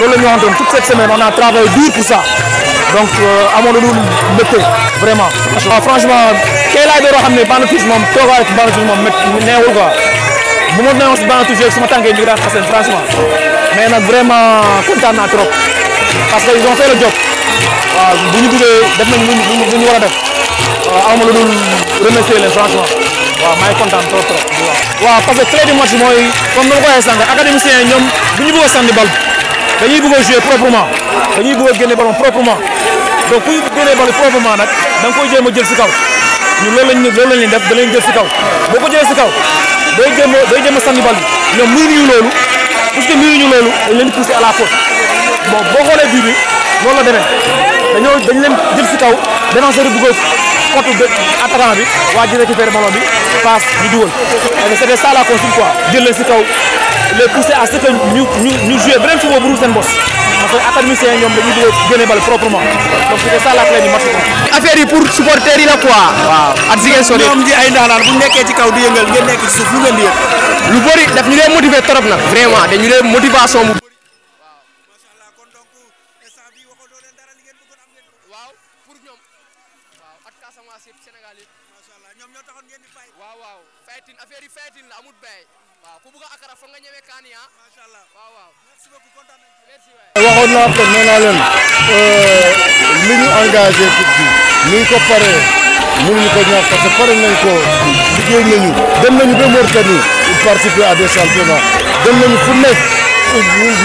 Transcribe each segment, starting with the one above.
loolu la ñu waxoon toute cette semaine on a travaillé dur pour ça donc euh, amoon na lu mbégte vraiment. waaw franchement kay laay o xam ne Banatouche moom toogaay ak Banatouche moom neewul quoi bu ma neewoon si Banatouche yeeg suma tànkee ñu ngi daan xasee franchement mais nag vraiment kontaan naa trop parce que ils ont fait job waaw bu ñu duggee def nañ lu ñu war a def waaw amoon na lu leen franchement. waaw maa kontaan trop trop waaw. waaw parce que match mooy comme ni ma ko waxee dañuy bëgg a jouer proprement dañuy bëgg a génne ballon proprement donc ku ñu génnee proprement nag danga nga koy a jël si kaw ñu loolu lañ loolu lañ leen def da leen jël si kaw boo ko jëlee si kaw day jéem a day jéem a sànni bal bi ñoom miinu ñu loolu parce que miinu ñu loolu dañ leen poussé à la faute bon boo xoolee bii bi loolu la demee dañoo dañ leen jël si kaw défenseur bi bëgg a xottu attaquant bi waa ji récupéré ballon bi passe ñu dugal parce que c'était ça la consigne quoi jël leen si kaw. le pousser à ce que ñu ñu ñu bu dul seen boss ñoom dañuy dugg génne bal proprement donc c'était ça la clé du match affaire yi pour supporter yi la quoi. waaw ak Ziguinchor ñoom ñi ay ndaanaan bu nekkee ci kaw di yëngal ngeen nekk ci suuf lu ngeen di yëg lu bëri daf ñu lay motiver trop nag vraiment dañu lay motivation bu ñoo taxoon ngeen di fay. waaw waaw waaw ku bëgg a akara fa nga ñëwee kaani ah. merci beaucoup kontaan nañu. merci waay. waxoon naa ko nee leen euh, li ñu engagé coupe bi ni ñu ko paree mënuñu ko ñàkk parce que pare nañ ko liggéey nañu dem nañu ba Mauritanie participer à a championnats dem nañu fu nekk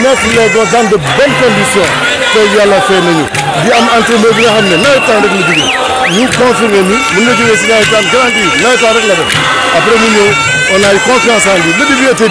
nekk les dans de bonnes conditions te yàlla fay nañu. di am entraîneur bi nga xam ne nawetaan rek la jógee ñu confirmé ni mën na jógee si nawetaan garanti nawetaan rek la def après mu ñëw on a eu confiance en lui le début était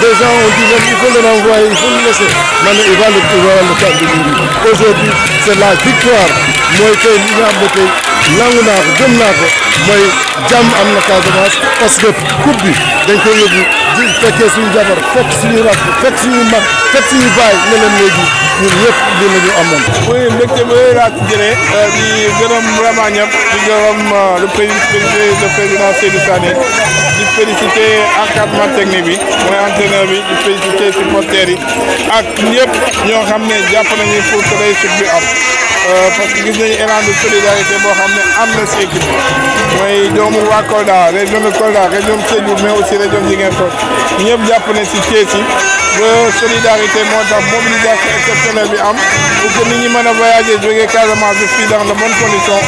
Des gens ont dit même, il faut le renvoyer, il faut le laisser. Maintenant, il Aujourd'hui, c'est la victoire. mooy tey li nga xam ne tey nangu naa ko gëm naa ko mooy jàmm am na Casamance parce que coupe bi dañ koy yóbbu di fekkee suñu jabar fekk suñu rakk fekk suñu mag fekk suñu baay ne leen léegi ñun ñëpp dina ñu amoon. muy mbégte bu rëy laa ci euh, di gërëm vraiment di gërëm euh, le président le président Seydou Sané di féliciter encadrement technique bi entraîneur bi di félicité supporters yi ak ñëpp ñoo xam ne jàpp nañu pour que réussite bi am euh, parce gis nañu élan solidarité boo xam ne am na si équipe mooy doomu waa Kolda région de Kolda région de Sédhiou mais aussi région Ziguinchor ñëpp jàpp nañ si Thiès yi ba solidarité moo tax mobilisation exceptionnelle bi am pour que nit ñi mën a voyager jógee Casamance bi fii dans de bonnes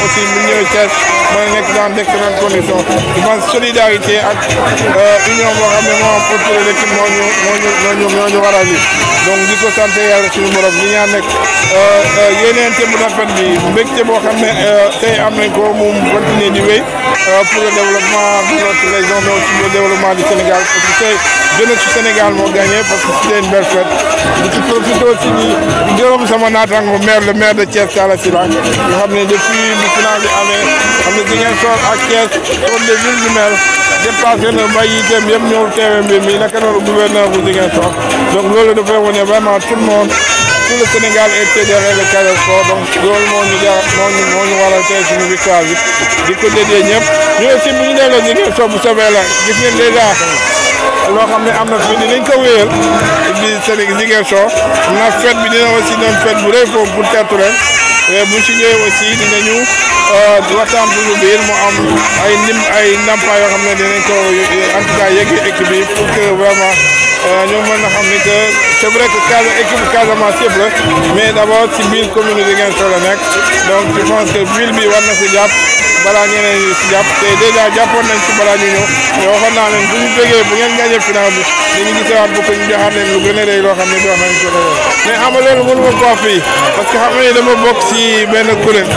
aussi mu ñëwee Thiès. mooy nekk dans d'excellentes conditions je pense solidarité ak euh, union boo xam ne moo am autour de moo ñu moo ñu war a donc di ko sant suñu borom di ñaan nekk euh, euh, yeneen te mu rafet bi mbégte boo xam ne tey am nañ ko mu continuer di wéy pour le développement de notre région mais aussi le développement du Sénégal parce que tey Sénégal moo gagné parce que c'était une belle fête di ci profité aussi di gërëm sama naataango maire le maire de Thiès Talla Sylla ni Ziguinchor ak Thiès comme des villes du maire dépassé na mbay yi dem yëpp ñëw teewe mbir mi naka noonu gouverneur bu Ziguinchor donc bi di ñu aussi bu ñu nee bu savee la gis ngeen loo xam ne am na fii dinañ ko wéyal di Sénégal Ziguinchor na fête bi dina aussi doon fête bu rëy foofu pour tertu leen Eh, buñ ci ñëwee aussi dinañu euh, waxtaan bu ñu biir mu am ay ndim ay ndàmpaay yoo xam ne dinañ ko en tout cas yeggee équipe bi pour que vraiment. ñoo mën a xam ni que c' vrai que Casa équipe Casamance yëpp la mais d' abord si biir commune bi ngeen soxla nekk donc je pense que ville bi war na si jàpp balaa ñeneen si jàpp te dèjà jàppoon nañ si balaa ñu ñëw waxoon naa leen bu ñu jógee bu ngeen gagné final bi dañu gisawaat bu ko ñu joxaat lu gën a rëy loo xam ne doo nañ ko doon mais xam nga loolu ko fii parce que xam nga dama bokk si benn kuréel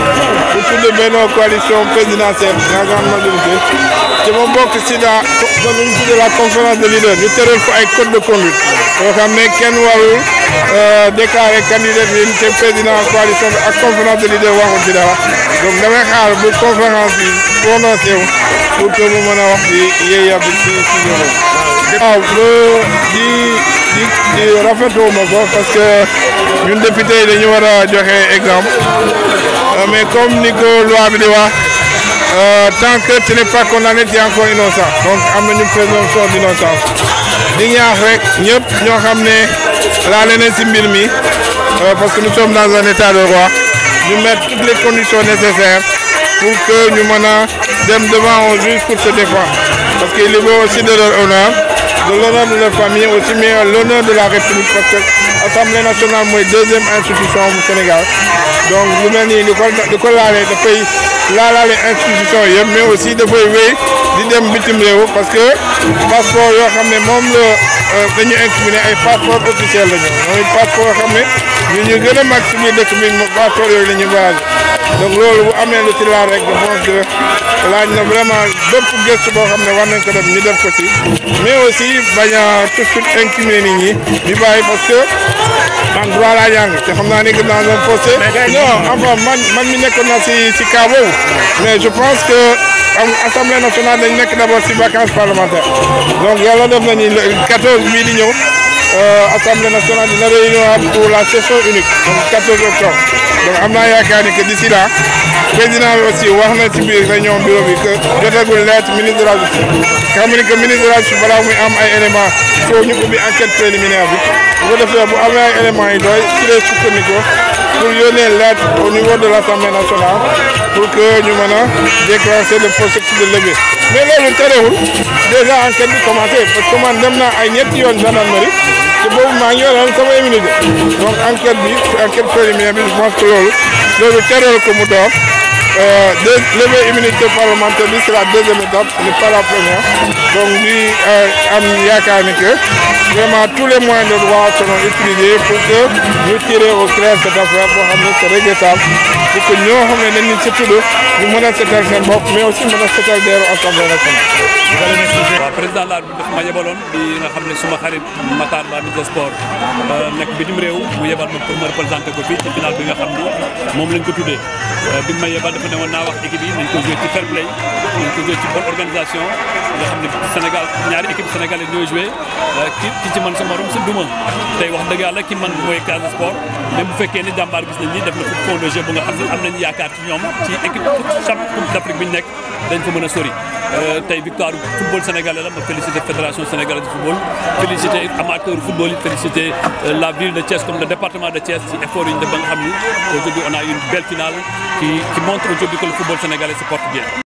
bu tudd benn coalition présidentielle nga xam majorité te mu bokk ci la kon li la conférence de leader ñu tëral ko ay code de conduite yoo xam ne kenn warul euh, déclaré candidat bi te président coalition ak conférence de leader waxul ci dara damay xaar bu conférence bi prononcé wu pour mu mën a wax ci yéen yàgg ci ci ñoom. waaw di di di rafetlu ma ko parce que ñun député yi dañu war a joxe exemple euh, mais comme ni ko loi di wax. Euh, tant que tu n'es pas condamné tu es encore innocent donc am nañu présomption d'innocence di ñaax rek ñëpp ñoo xam ne laale nañ ci mbir mi euh, parce que nous sommes dans un état de droit ñu mettre toutes les conditions nécessaires pour que ñu mën a dem devant un juge pour se défendre parce qu'il y aussi de leur de l'honneur de leur famille aussi mais l'honneur de la République parce assemblée nationale mooy deuxième institution bu Sénégal donc lu mel nii di ko di ko laalee dafay laalaale institution yëpp mais aussi dafay wéy di dem bitim réew parce que passeport yoo xam ne moom la euh, dañu incriminé ay passeport officiel lañu mooy passeport yoo xam ne ñu ñu a passeport yooyu la ñu donc loolu bu amee lu ci laal rek je pense laaj na vraiment bépp gëstu boo xam ne war nañ ko def ñu def ko si mais aussi bañ a tout de suite incriminer nit ñi di bàyyi parce te xam naa ne gën naa doon posté non man man mi nekkoon si si cas boobu mais je pense que am assemblée nationale dañ nekk d' abord si vacances parlementaires donc yàlla def nañu 14 bii di ñëw Euh, assemblée nationale dina réunion pour la session unique donc 14 octobre donc am naa yaakaar ni que d'ici là président bi wax na ci biir réunion bureau bi que jotagul lettre ministre de la ministre de balaa muy am ay éléments il faut ñu ubbi enquête préliminaire bi bu defee bu amee ay éléments yi doy ci lay sukkandiku pour yónnee lettre au niveau de l'Assemblée nationale pour que ñu mën a déclencher le processus de levée mais loolu terewul déjà enquête bi commencé parce que na ay ñetti yoon gendarmerie te boobu maa ngi yoroon sama immunité donc enquête bi enquête préliminaire bi je pense que loolu loolu terewul ko mu euh, levée immunité parlementaire bi c'est la deuxième étape n'est pas la première donc ñuy euh, am yaakaar ni que vraiment tous les moyens de droit seront utilisés pour que ñu tirer au clair cette affaire boo xam ne c'est regrettable pour que ñoo xam ne dañu ci tudd ñu mën a seetal mais aussi mën a seetal deeru assemblée nationale. waaw président laal bi daf ma yebaloon di nga xam ne suma xarit euh, mu yebal ma pour ma ko fii ci final bi nga xam ni moom lañ ko tuddee euh, bi ma dafa ne woon naa wax équipe yi nañ ko joué ci fair play nañ ko joué ci bonne organisation nga xam ne Sénégal ñaari équipe sénégalais ñooy joué euh, ki ki ci man sa morom sa duma tey wax dëgg yàlla ki man mooy Casa Sport même bu fekkee ni jàmbaar gis nañ ni def na fond de jeu bu nga xam ne am nañ yaakaar ci ñoom ci équipe chaque coupe d'Afrique bi ñu nekk dañ ko mën a sori Euh, tey victoire football sénégalais la ma félicité fédération sénégalaise de football félicité amateur football yi félicité euh, de Thiès comme le département de Thiès effort yi ñu def ba aujourd'hui on a une belle finale qui qui montre aujourd'hui que le football sénégalais se porte